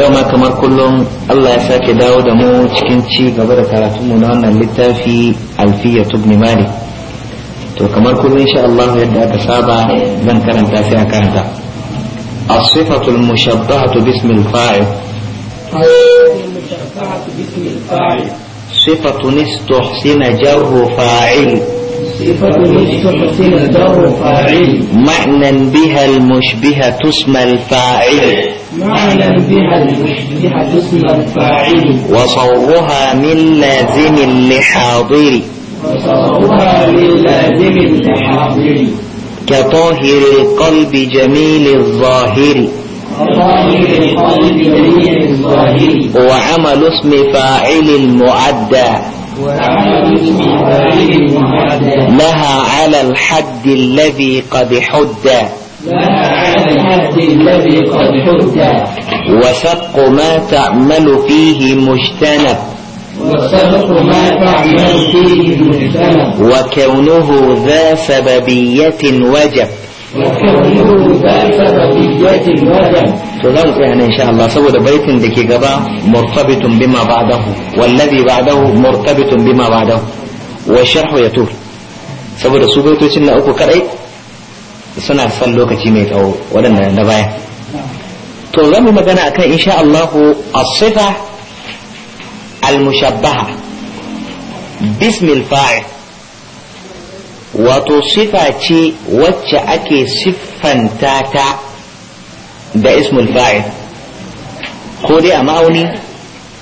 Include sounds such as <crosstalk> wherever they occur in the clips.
yau ma kamar kullum Allah ya sake dawo da mu cikin ci gaba da karatunmu na wannan littafi alfiya tubni malik to kamar kullum insha Allah yadda aka saba zan karanta sai a karanta الصفة المشبهة باسم الفاعل صفة استحسن جر فاعل صفة استحسن جر فاعل معنى بها المشبهة اسم الفاعل وصورها من لازم لحاضر وصورها من لازم لحاضر كطاهر القلب جميل الظاهر القلب جميل الظاهر وعمل اسم فاعل المعدى لها على الحد الذي قد حدى لها العبد الذي قد حد ما تعمل فيه مجتنب وصدق ما تعمل فيه مجتنب وكونه ذا سببية وجب وكونه ذا سببية وجب تظل يعني إن شاء الله سوى بيت لكي قضاء مرتبط بما بعده والذي بعده مرتبط بما بعده والشرح يطول سوى سوى بيت لكي كرئي suna son lokaci mai tsawo waɗanda na baya to za mu magana akan insha Allah Asifa sifa al-mushabbaha bism fail wato sifa ce wacce ake siffanta ta da ismul fa'il ko dai a ma'auni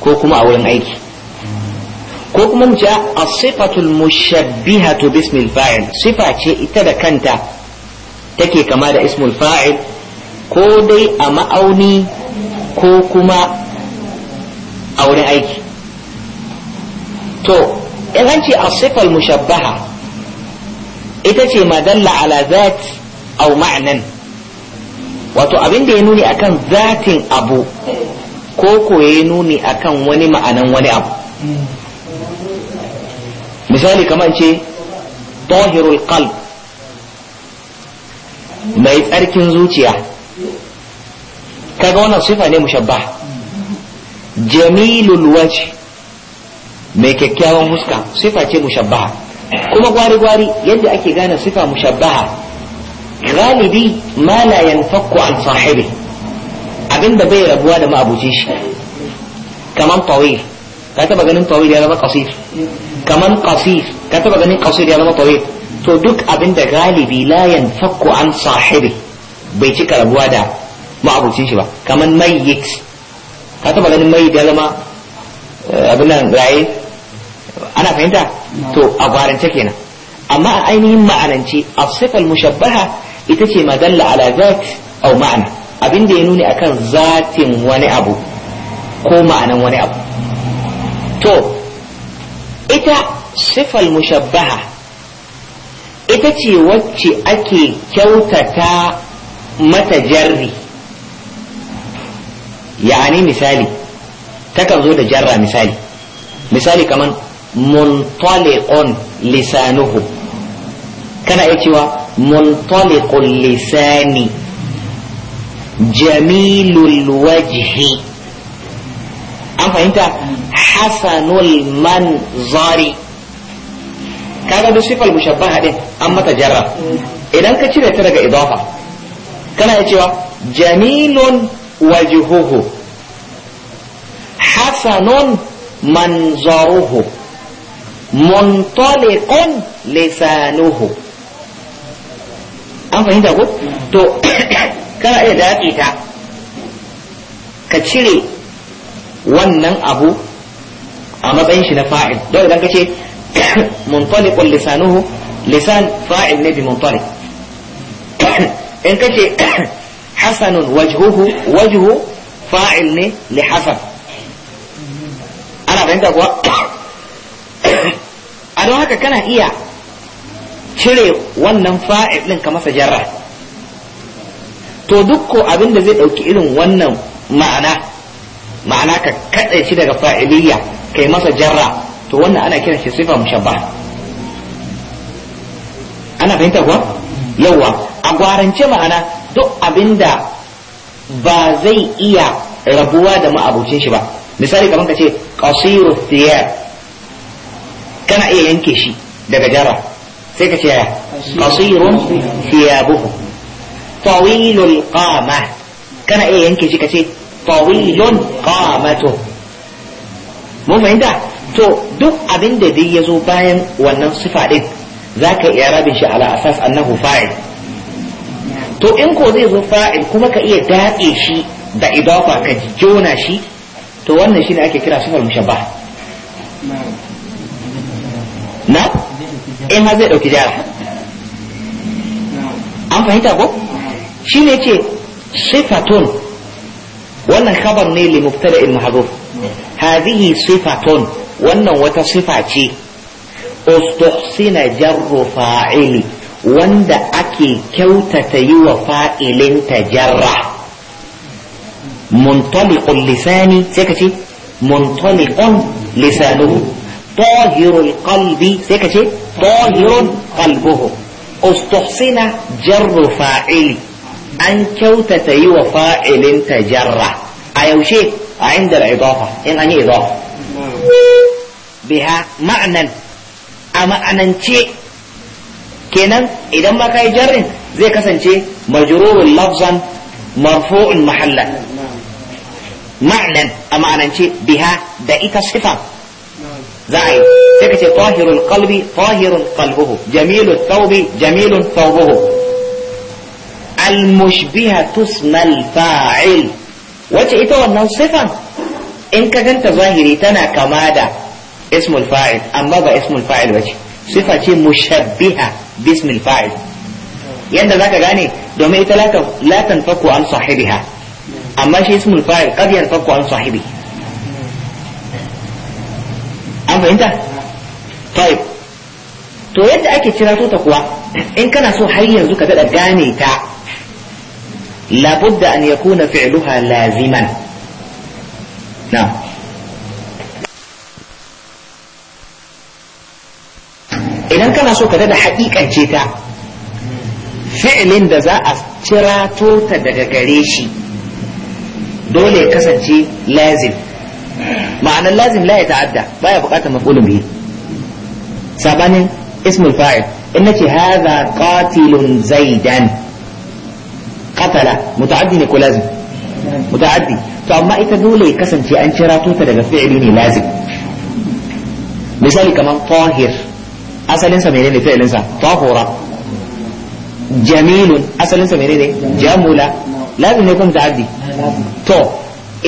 ko kuma a wurin aiki ko kuma mu ce a sifatul mushabbihatu bismil fa'il sifa ce ita da kanta take kama da ismul fa'il ko dai a ma'auni ko kuma a wurin aiki to in an ce asifal mushabbaha ita ce madalla ala zat au ma'nan wato abin da ya nuni akan zatin abu ko ko ya nuni akan wani ma'anan wani abu misali kamar ce tahirul qalb mai tsarkin zuciya kaga wannan sifa ne mushabba jamilul wajh mai kyakkyawan huska sifa ce mushabbaha kuma gwari gwari yadda ake gane sifa mushabbaha galibi ma la yanfakku an sahibi abinda bai rabuwa da ma'abucin shi kaman tawil ka taba ganin tawil ya zama qasir kaman qasir ka taba ganin qasir ya zama tawil to duk abinda galibi la yanfakku an sahibi bai cika rabuwa da ma'abucin shi ba kamar mayyit ka taba ganin mayyit ya zama eh, abin nan raye ana fahimta to a gwarance kenan amma a ainihin ma'anance asifal mushabbaha ita ce madalla ala zat au ma'ana abin da ya nuni akan zatin wani abu ko ma'anan wani abu to ita sifal mushabbaha ita ce wacce ake kyautata mata jarri ya'ani misali takan zo da jarra misali misali kaman muntaliqun lisanuhu kana iya cewa muntaliqun lisani jamilul wajhi an fahimta hasanul manzari ka duk sifal mushabbaha din an mata jarra idan ka cire ta daga idafa kana iya cewa jamilun wajhuhu hasanun manzaruhu muntaliqun lisanuhu an fahimta ko to <coughs> kana iya dace ta ka cire wannan abu a matsayin shi na fa'il don idan ka ce منطلق لسانه لسان فاعل نبي منطلق إن كشي حسن وجهه وجهه فاعل ني لحسن أنا بنت أقوى أدو هكا كان إيا cire wannan fa'il ɗin ka masa jarra to dukko abin da zai ɗauki irin wannan ma'ana ma'ana ka kaɗa shi daga fa'iliya kai masa jarra to wannan ana kiran shi sifa mushabba ana fahimta kuwa yawa a gwarance ma'ana duk abinda ba zai iya rabuwa da ma'abucin shi ba misali kamar ka ce qasiru thiyab kana iya yanke shi daga jara sai ka ce ya qasirun thiyabuhu tawilul qama kana iya yanke shi ka ce tawilun qamatu mun fahimta to duk abin da dai ya zo bayan wannan sifa din za ka iya rabin shi ala asas annahu fa'il to in ko zai zo fa'il kuma ka iya datse shi da idafa ka jona shi to wannan ne ake kira sifar mushabbah na in eh, har zai ɗauki jara an fahimta ko ne ce sifatun wannan khabar ne li mubtada'il mahdhuf hadhihi sifatun wannan wata sifa ce ustuhsina jarru fa'ili wanda ake kyautata yi wa fa'ilinta jarra muntaliqun lisani sai ka ce muntaliqun lisanuhu tahirul qalbi sai ka ce tahirun qalbuhu ustuhsina jarru fa'ili an kyautata yi wa fa'ilinta jarra a yaushe a inda idafa in an yi idafa biha ma'anan a ma'anance kenan idan ba ka yi jarrin zai kasance majrurun lafzan marfu'un mahallan ma'anan a ma'anance biha da ita sifa za a yi sai ka ce tahirul qalbi tahirun qalbuhu jamilul thawbi jamilun thawbuhu المشبهة اسم الفاعل وجه إتوى النصفة إن كنت ظاهري تنا اسم الفاعل أما اسم الفاعل بج صفة مشبهة باسم الفاعل يند يعني ذاك غاني دوم إيتا لا, تف... تنفك عن صاحبها أما شيء اسم الفاعل قد ينفك عن صاحبه أما أنت طيب تو يد أكي تراتو تقوى إن كان سو حيا زوكا غاني تا لابد أن يكون فعلها لازما نعم idan kana so ka da haƙiƙance ta fi'ilin da za a cirato ta daga gare shi dole ya kasance lazim Ma'ana lazim la ya ta'adda baya buƙatar maf'ulun bihi sabanin ismul fa'il in nace hadha qatilun zaidan qatala muta'addi ne ko lazim muta'addi to amma ita dole ya kasance an cirato ta daga fi'ili ne lazim misali kamar tahir asalinsa menene fi'ilinsa fahura jamilun asalinsa menene jamula lazim ne kuma ta'addi to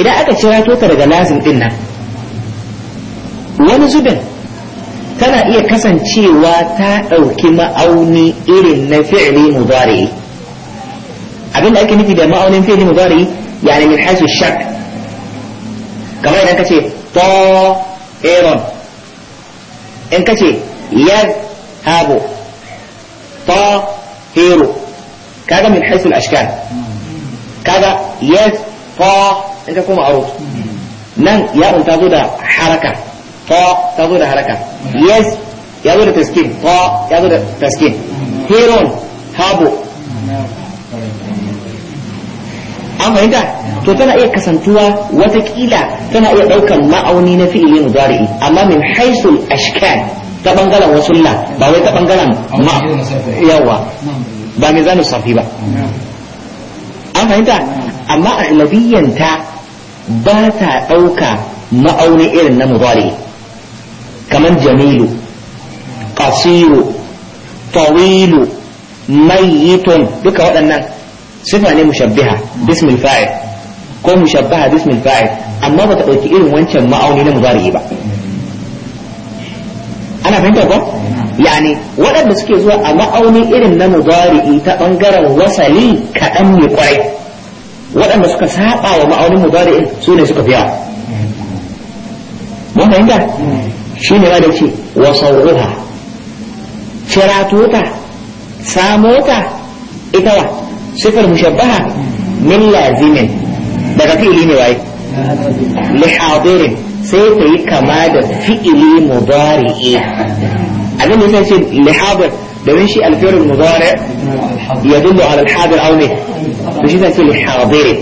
idan aka cira to daga lazim din nan wani zubin tana iya kasancewa ta ɗauki ma'auni irin na fi'li mudari abinda ake nufi da ma'aunin fi'li mudari yani min hasu shak kamar idan ce ta iron in ce. يذهب طاهر كذا من حيث الأشكال كذا يذ طا انت كما عروض نن يا تزود حركة طا تزود حركة يذ يزود تسكين طا يزود تسكين هيرون هابو أما هنا تتنى إيه كسنتوا وتكيلا تنى إيه دوكا ما أوني نفي إلي مضارئي أما من حيث الأشكال ta bangaren wasulla ba wai ta bangaren ma yawa ba mai zanu safi ba an fahimta amma aglabiyyanta ba ta ɗauka ma'auni irin na mubari kamar jamilu Kasiru tawilu mayyitun duka waɗannan sifa ne mushabbiha bismil fa'il ko mushabbaha bismil fa'il amma ba ta ɗauki irin wancan ma'auni na mubari ba ana fahimta ko yani waɗanda suke zuwa a ma'auni irin na mudari'i ta ɓangaren wasali kaɗan ne kwarai waɗanda suka saba wa ma'aunin mudari'in su ne suka fiya mun fahimta shi ne ma da ce wa sauruha ciratota samota ita wa sifar mushabbaha min lazimin daga fi'ili ne waye li sai ta yi kama da fi'ili mudari'i abin da sai da domin shi alfirin mudari ya dubu ala alhadir au ne to shi sai lihabiri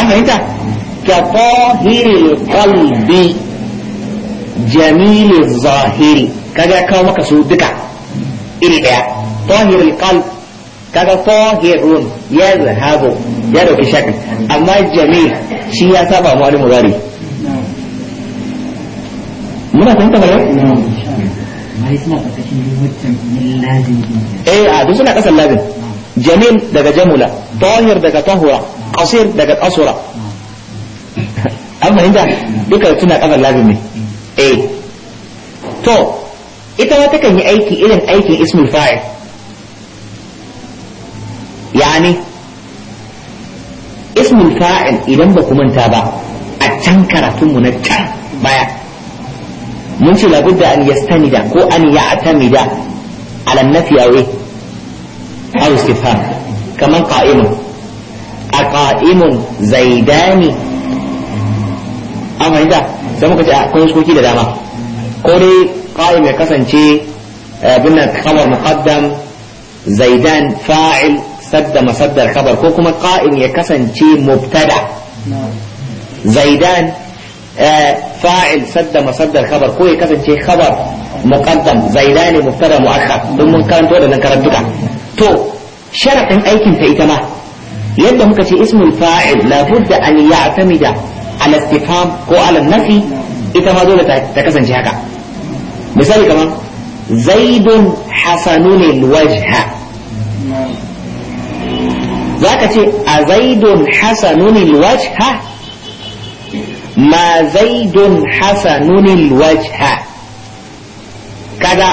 an fahimta ka tahiril kalbi jamilin zahiri kaga kawo maka su duka iri daya tahiril kalbi kaga tahirun yazhabu ya dauki shaɗin amma jami shi ya saba ma wani murari muna fahimta ba eh a duk suna kasan lazim jamil daga jamula tahir daga tahura qasir daga qasura an fahimta duka suna kasan lazim ne eh to ita ma takan yi aiki irin aikin ismul fa'il yani ismul fa'il idan ba ku manta ba a can karatun mu na can baya mun ce labudda an yastanida ko an ya'tamida ala nafi awe eh? aw istifham kaman qa'imun aqa'imun zaidani amma inda sai muka ce akwai shukoki da dama ko dai qa'im ya kasance eh, bin khabar muqaddam zaidan fa'il sadda masaddar khabar ko kuma qa'im ya kasance mubtada zaidan eh, fa'il sadda masaddar khabar ko ya kasance khabar muqaddam zaidan mubtada muakhar don mun karanto da nan karantuka to sharafin aikin ta ita ma yadda muka ce ismul fa'il la budda an ya'tamida da istifham ko ala nafi ita ma dole ta kasance haka misali kamar zaidun hasanun alwajha za ka ce a zaidun hasanunil wajha ma zaidun hasanunil wajha kaga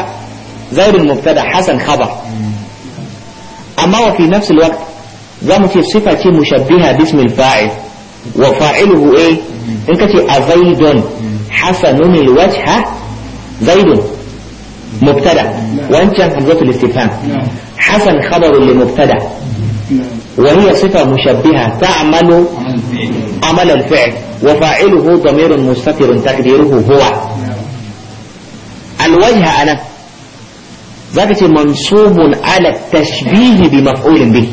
zaidun mubtada hasan khabar amma wa fi nafsi alwaqt za mu ce sifa ce mushabbiha bismil fa'il wa fa'iluhu eh in kace a zaidun hasanunil wajha zaidun مبتدا وانت همزه الاستفهام حسن خبر لمبتدا وهي صفة مشبهة تعمل عمل الفعل وفاعله ضمير مستتر تقديره هو الوجه أنا ذلك منصوب على التشبيه بمفعول به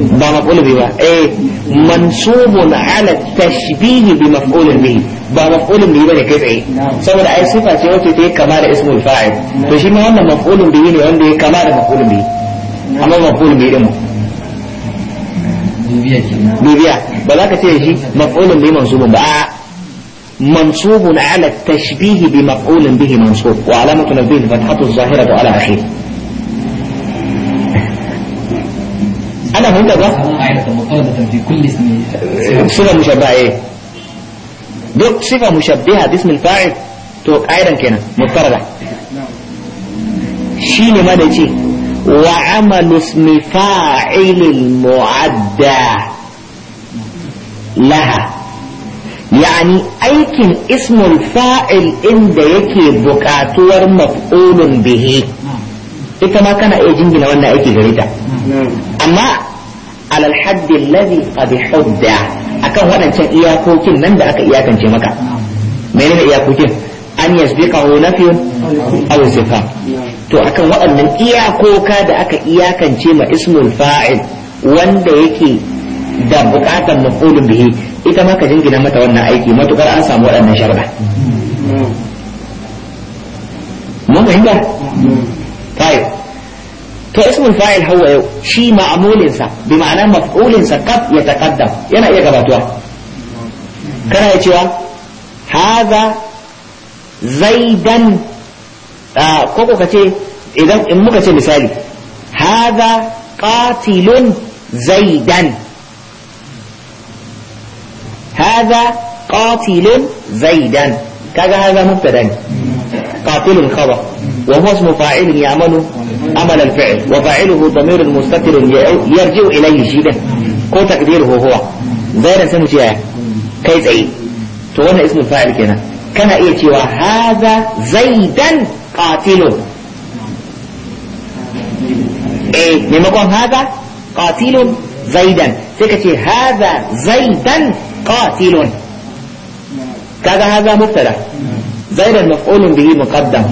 ده مفعول به ايه منصوب على التشبيه بمفعول به ده مفعول به بقى كده ايه سواء اي صفة ce wacce إيه؟ كمال اسم الفاعل فشي ما هو مفعول به ma wannan maf'ulun bihi ne wanda ya kama da bibiya ba za ka ce shi maf'ulun bi mansubun ba a mansubun ala tashbihi bi maf'ulun bihi mansub wa alamatu nabihi fathatu zahiratu ala akhir ana fahimta ba sifa mushabbaha eh duk sifa mushabbaha bismil fa'il to qaidan kenan mutarada shine ma da ce وعمل اسم فاعل المعدى لها يعني ايكن اسم الفاعل ان دا يكي بكاتور مفعول به انت ما كان اي جنجي لو انا ايكي اما على الحد الذي قد حد اكا هو انا اياكوكين من دا اكا اياكا انت مكا مين اياكوكين an yasbiqahu nafiyun aw sifat to akan waɗannan iyakoka da aka iyakance ma ismul fa'il wanda yake da buƙatar maf'ulun bihi ita ma ka jingina mata wannan aiki matukar an samu waɗannan sharba mun fahimta fa'il to ismul fa'il hawa yau shi ma'amulinsa bi ma'ana maf'ulinsa kaf ya taqaddam yana iya gabatuwa kana ya cewa hadha زيدًا آه، كوكو كتي إذا أمك مثالي هذا قاتل زيدًا هذا قاتل زيدًا كذا هذا مبتدأ قاتل خبر وهو اسم فاعل يعمل عمل الفعل وفاعله ضمير مستتر يرجع إليه جدا كو تقديره هو زيدًا سمو كيف أي تغنى اسم فاعل كده kana iya cewa haza zaidan qatilun eh maimakon haza qatilun zaidan sai ka ce haza zaidan qatilun kaga haza mubtada zaidan maf'ulun bihi muqaddam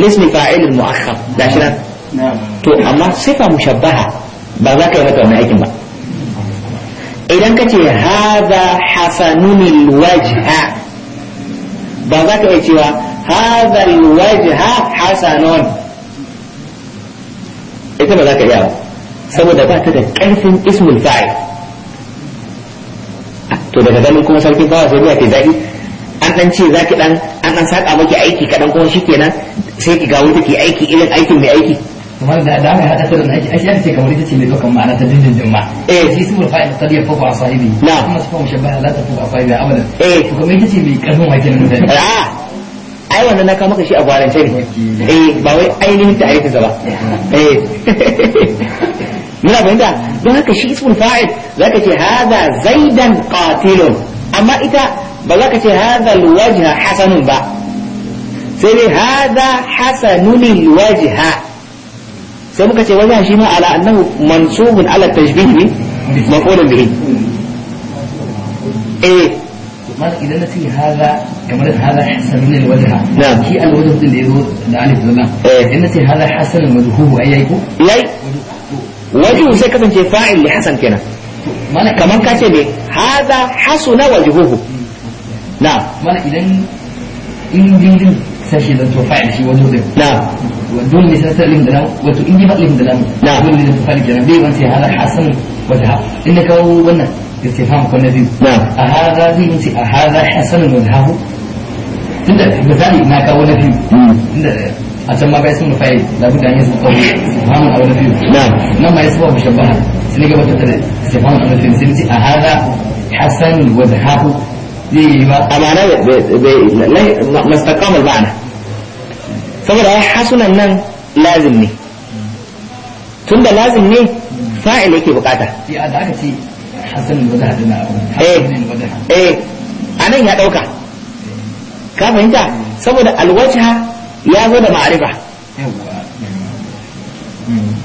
lismi fa'ilun mu'akhkhar da shi to amma sifa mushabbaha ba za ka yi mata wani aikin ba idan ka ce haza hasanun alwajha ba za ka iya cewa waje ha hasanon ita ba za ka iya ba saboda ba ta da karfin ismul fa'i to daga ganin kuma sarkin bawa sai biya ke zaki an ɗan ce za ki ɗan an ɗan saƙa maki aiki kaɗan kuma shi kenan sai ki ga wuta ki aiki irin aikin mai aiki kamar da da haka ta da aiki aiki ce kamar ita ce mai dokan ma'ana ta dindin ma eh shi ismul fa'il qad yafuqu a sahibi na kuma su sifa mushabbaha la tafuqu an sahibi abadan eh to kuma ita ce mai karfin wajen mutane a ah! ai wannan na kawo maka shi a gwarance ne eh ba wai ainihin ta aiki ba eh <laughs> muna fahimta don haka shi ismul fa'il zaka ce hada zaidan qatilun amma ita ba za ka ce hada alwajha hasanun ba sai dai hada hasanun alwajha sai muka ce wajen shi ma ala annahu mansubun ala tashbih ne maqulun bihi eh mas idan nace haza kamar haza hasan min alwajha na'am shi alwajh din da yazo da alif da lam eh. idan nace haza hasan madhuhu ai ai ko yayi wajhu sai kasance fa'il li hasan kenan mana kamar ka ne haza hasuna wajhuhu na'am mana idan سجد وفعل جي ودود نعم ودون نساء لهم دلام وتؤدي بقى لهم دلام نعم ودون نساء فعل جنبي وانتي هذا حسن وجهة إنك هو ونا استفهام كون نزيد نعم أهذا زي انتي أهذا حسن وجهه تبدأ مثال ما كون نزيد تبدأ أسمى باسم نفعل لابد أن يسمى قوي استفهام أو نزيد نعم نعم ما يسمى بشبهة سنجا بتبدأ استفهام أو نزيد سنتي أهذا حسن وجهه دي ما أمانة ب ب ب ما استقام المعنى saboda ya hasunan nan lazim ne tun da lazim ne fa'il yake bukata eh, eh, a nan ya dauka ka fahimta saboda alwajha ya zo da ma'arifa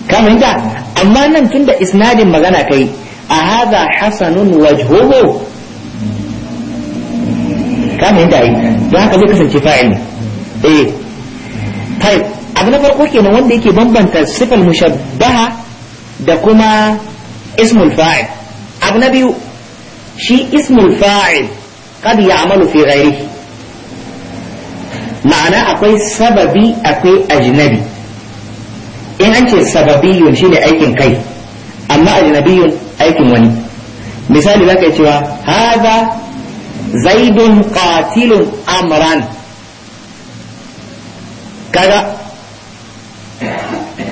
ka fahimta amma nan tun da isnadin magana kai a haza hasanun wajhobo ka fahimta ai don haka zai kasance fa'il eh طيب abu na farko kenan wanda yake bambanta sifal mushabbaha da kuma ismul fa'il abu na biyu shi ismul fa'il kad ya'malu fi ghairihi ma'ana akwai sababi akwai ajnabi in an ce sababiyun shine aikin kai amma ajnabiyun aikin wani misali zaka cewa haza zaidun qatilun amran kaga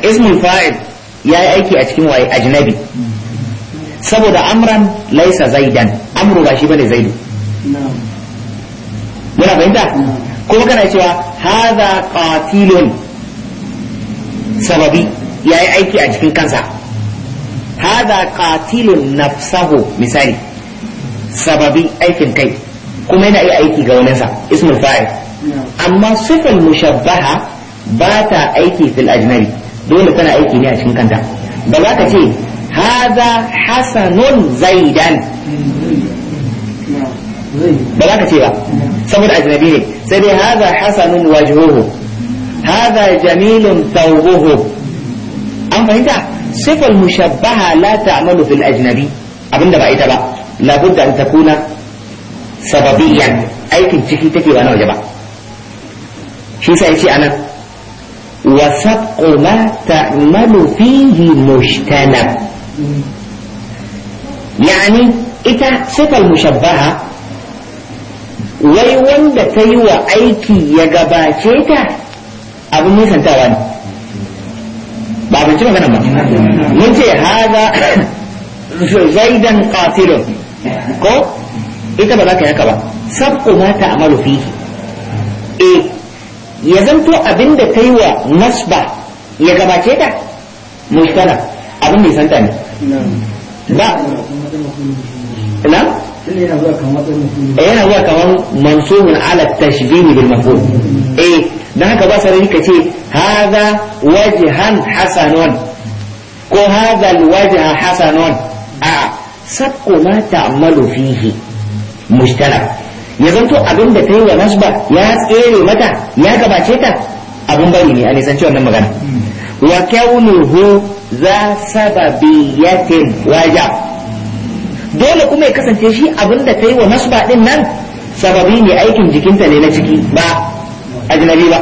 ismul fa'il ya yi aiki a cikin waye ajnabi saboda amran laisa zaidan amru ba shi bane zaidu muna fahimta kuma kana cewa haza qatilun sababi ya yi aiki a cikin kansa haza qatilun nafsahu misali sababi aikin kai kuma yana iya aiki ga waninsa ismul fa'il amma mu mushabbaha ba ta aiki fil ajnabi dole tana aiki ne a cikin kanta ba za ka ce haza hasanun zaidan ba za ka ce ba saboda ajnabi ne sai dai haza hasanun wajhuhu haza jamilun thawbuhu an fahimta sifar mushabbaha la ta'malu fil ajnabi abinda ba ita ba labudda an takuna sababiyan aikin ciki take ba na waje ba shi sai ce anan وسبق ما تعمل فيه مجتنب يعني إذا صفة المشبهة wai wanda ta yi wa aiki ya gabace ta abin nisantawa ne ba a bincin ba mun ce haza zaidan qatilun ko ita ba za ka yaka ba ma e ya zanto abin da yi wa nasba ya gabace ta mushtara abin mai santa ne ba na eh, yana zuwa kamar mansuhun ala tashbihi bil mafhum eh dan haka ba sarari ka ce hadha wajhan hasanun ko hadha al wajha hasanun a sabqu ma ta'malu fihi mushtara ya zanto abin da ta yi wa nasba ya tsere mata ya gabace ta abin bari ne a nisanci wannan magana hmm. wa kyaunuhu za sababi sababiyatin waja dole kuma ya kasance shi abin da ta yi wa nasba din nan sababi ne aikin jikinta ne na ciki ba ajnabi ba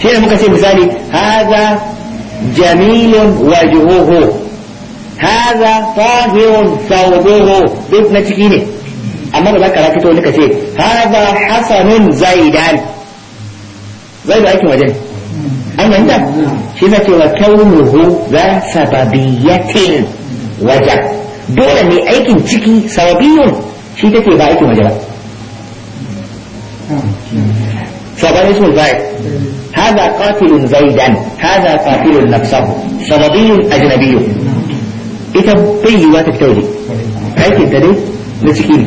shi ne muka ce misali haza jamilun wajuhuhu haza tahirun sauduhu duk na ciki ne amma ba za ka rakito wani ka ce haza hasanun zaidan zaidan aikin wajen an yanda shi na cewa kaunuhu za sababiyatin wajen dole ne aikin ciki sababiyun shi take ba aikin waje ba sabar ismul fa'il هذا قاتل زيدا هذا قاتل نفسه صبابي أجنبي ita bai yiwa ta fita waje aikin ta dai na ciki ne.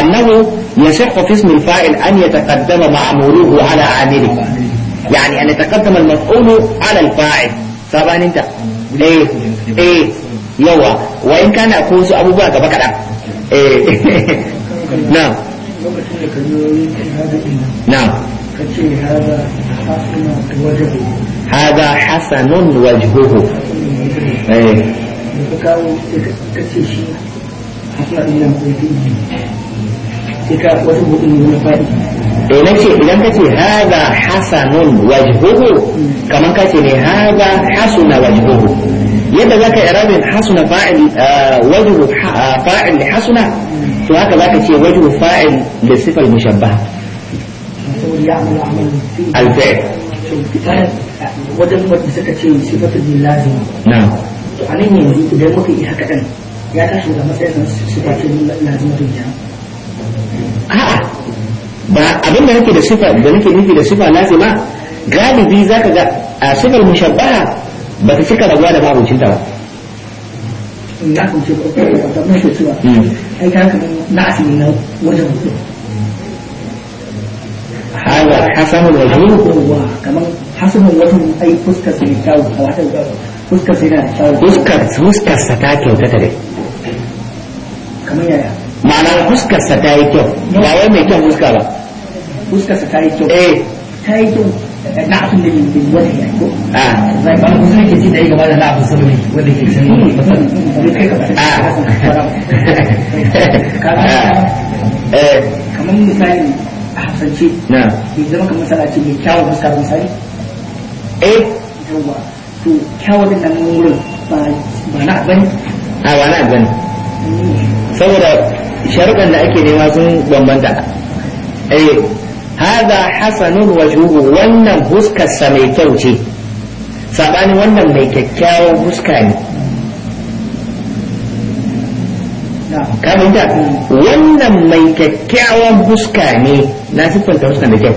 أنه يصح في اسم الفاعل أن يتقدم معموله على عامله يعني أن يتقدم المفعول على الفاعل طبعا أنت ليه إيه يوا وإن كان أكون أبو بكر بكرة إيه نعم نعم هذا حسن وجهه ايه sai ka wata ne na faɗi eh nace idan ka ce haza hasanun wajhuhu kamar ka ce ne haza hasuna wajhuhu yadda zaka rabin hasuna eh, eh, fa'il wajhu fa'il hasuna to haka zaka ce wajhu fa'il da sifar mushabbah الفعل wajen wadda suka ce sifatu din lazima na to anan yanzu idan muka yi haka ɗan ya tashi da matsayin sifatu din lazima din kenan a'a ba abin da nake da sifa da nake nufi da sifa lazima galibi zaka ga a sifar mushabbaha ba ta cika rabuwa da mabucin ta ba na kunce ko kuma mashi cewa ai ka kan na asini na wajen mutum hawa hasanul wajhu kamar hasanul wajhu ai fuskar sai kyau a wata fuskar sai na kyau fuskar fuskar sa ta kyautata dai kamar yaya ma'ana fuskarsa ta yi kyau ba wai mai kyau fuska ba fuskarsa ta yi kyau eh ta yi kyau na abin da ke wani ya ko a ah. zai ba ku sai ke ci da yi gaba da na abin sabbi wanda ke san ni ba san ni kai ka fada <laughs> ah. eh kamar misali a hasance na ki zama kamar salaci mai kyawun fuska misali eh yawa to kyau da nan wurin ba ba na bane a ah, ba na bane mm. saboda sharuɗan da ake nema sun bambanta eh hadha hasanun wajhuhu wannan huskar sa mai kyau ce sabanin wannan mai kyakkyawan huska ne da wannan mai kyakkyawan huska ne na siffanta huska da kyau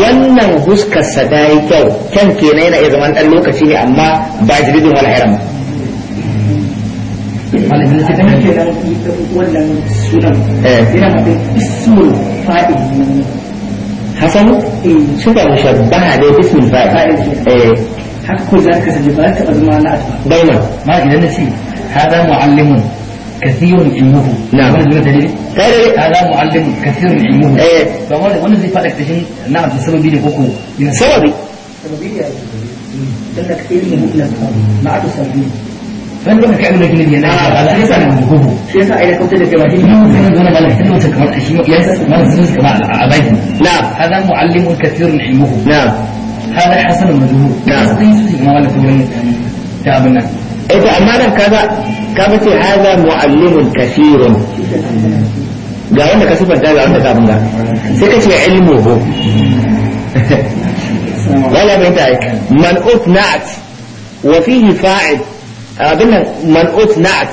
wannan huskar sa da kyau kyan kenan yana iya zaman dan lokaci ne amma ba jiridin wala haram ba wanda sun ta kan ke nan wannan sunan yana mafi ismul fa'il hasan suna mushabbaha da ismul fa'il haka ko za ka sanya ba ta azuma na atba baina ma idan nasi hada muallimun كثير علمه نعم هذا معلم كثير علمه ايه فهو وانا زي فادك تشين نعم السبب دي بوكو من السبب سببي يعني لك علمه لك ما عاد سببي wanda ka kai mai gilimi na ba la yasa nan gugu shi yasa ai da kautar da kai wani mun san wannan malam kin mutum kamar shi ya yasa man sun suka ba a baki na'am hada muallimun kathirun ilmuhu na'am hada hasan majhul na'am sai su ma wannan sauran ta abin nan eh to amma nan kaga kaga ce hada muallimun kathirun ga wanda ka sifanta ga wanda ka bunga sai ka ce ilmuhu wala <laughs> bai ta man utna'at wa fihi fa'id قلنا منقوط نعت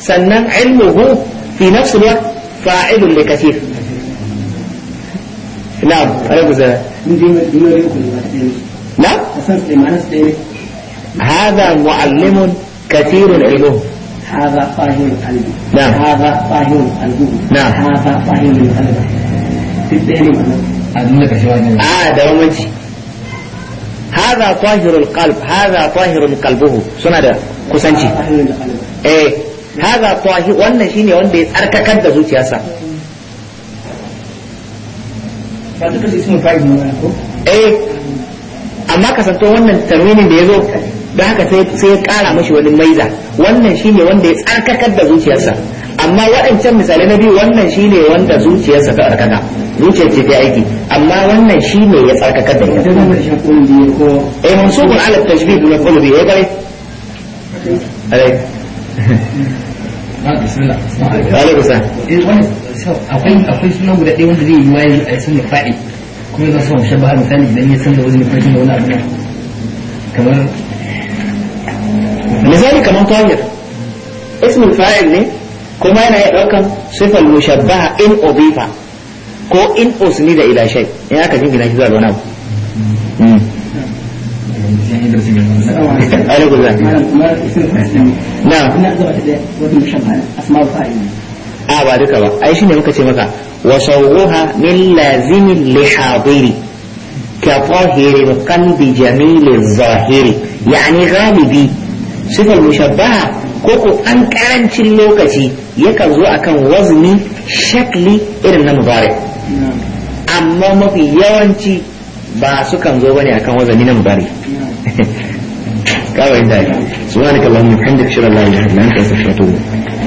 سنن علمه في نفس الوقت فاعل لكثير نعم أنا بزا نعم هذا معلم كثير علمه هذا طاهر القلب نعم هذا طاهر القلب نعم هذا طاهر القلب آه دوما هذا طاهر القلب هذا طاهر قلبه سنة ده kusanci eh haza tahi wannan shine wanda ya tsarkakar da zuciyarsa ba duka ismin ko eh amma kasanto wannan tarwini da ya zo da haka sai ya kara mashi wani maiza wannan shine wanda ya tsarkakar da zuciyarsa amma waɗancan misalai na biyu wannan shine wanda zuciyarsa ta tsarkaka zuciyar ce ta aiki amma wannan shine ya tsarkakar da ita eh mansubun ala tashbih bil qulbi eh gare Eh, akwai akwai sunan guda ɗaya wanda zai yi wa a sun ya faɗi kuma zan samu shabba misali idan ya san da wani mafarkin da wani abu kamar misali kamar tawir ismin fa'il ne kuma yana iya ɗaukan sifar mushabbaha in udifa ko in usnida ila shay in aka jingina shi zuwa ga wani abu hmm. ai a ba duka ba ai ne muka ce maka wa sawruha min lazimin lihadiri ka kan bi jamil zahiri yani galibi sifar mushabbaha ko ko an karancin lokaci yakan zo akan wazni shakli irin na mubarak amma mafi yawanci ba sukan zo bane akan wazani na mubarak kawai da ni wa bihamdika ashhadu an la ilaha illa anta astaghfiruka wa